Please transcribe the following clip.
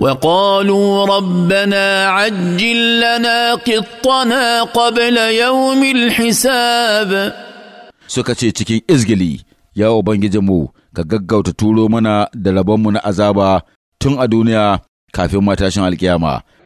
وقالوا ربنا عجل لنا قطنا قبل يوم الحساب suka ce cikin izgili ya ubangijinmu ka gaggauta turo mana da rabonmu na azaba tun a duniya kafin matashin alkiyama